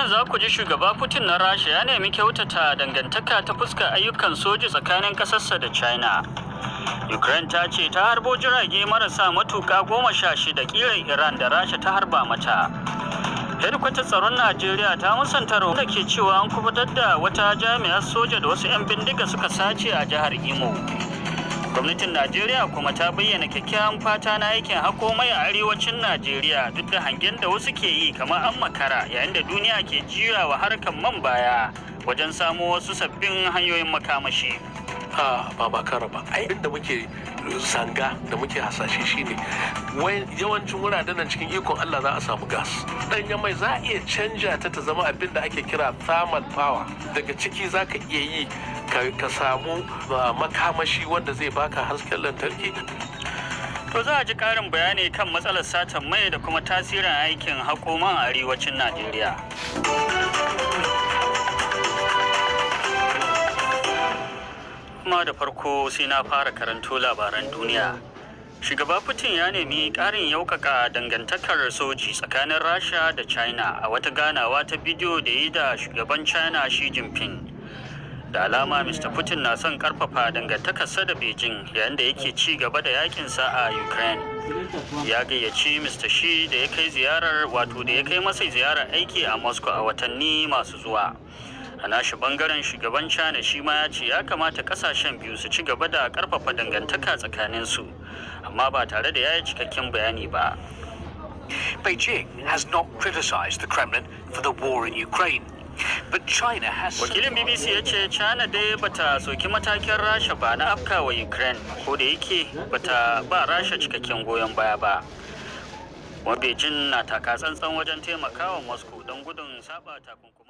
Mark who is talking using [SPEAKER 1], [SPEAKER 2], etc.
[SPEAKER 1] shirin za ku ji shugaba Putin na Rasha ya nemi kyautata dangantaka ta fuska ayyukan soji tsakanin ƙasarsa da China. Ukraine ta ce ta harbo jirage marasa matuƙa goma sha shida ƙirar Iran da Rasha ta harba mata. Hedkwatar tsaron Najeriya ta musanta da ke cewa an kubutar da wata jami'ar soja da wasu 'yan bindiga suka sace a jihar Imo. gwamnatin najeriya kuma ta bayyana kyakkyawan fata na aikin hako mai a arewacin najeriya duk da hangen da wasu ke yi kamar an makara yayin da duniya ke jiyawa harkar man baya wajen samo wasu sabbin hanyoyin makamashi.
[SPEAKER 2] a ba ba ai inda muke sanga da muke hasashe shine yawancin wuraren nan cikin ikon Allah za a samu gas danya mai za a iya canja ta ta zama abin da ake kira thermal power daga ciki za ka iya yi ka samu makamashi wanda zai baka hasken lantarki
[SPEAKER 1] To za a ji karin bayani kan matsalar satan mai da kuma tasirin aikin hakoman arewacin Najeriya. kuma da farko sai na fara karanto labaran duniya. Shugaba Putin ya nemi ƙarin yaukaka dangantakar soji tsakanin Rasha da China a wata ganawa ta bidiyo da yi da shugaban China Xi Jinping. Da alama Mr. Putin na son karfafa dangantakarsa da Beijing yayin da yake ci gaba da yakinsa a Ukraine. Ya gayyaci Mr. Xi da ya kai ziyarar wato da ya kai masa ziyarar aiki a Moscow a watanni masu zuwa. a nashi bangaren shugaban china shi ma ya ce ya kamata kasashen biyu su ci gaba da karfafa dangantaka tsakanin su amma ba tare da ya cikakken bayani ba Beijing has not criticized the Kremlin for the
[SPEAKER 2] war in Ukraine. But China has Wakilin BBC ya ce
[SPEAKER 1] China dai bata soki matakin Rasha ba na afka wa Ukraine ko da yake bata ba Rasha cikakken goyon baya ba. Wa Beijing na taka tsantsan wajen taimakawa Moscow don gudun saba takunkuma.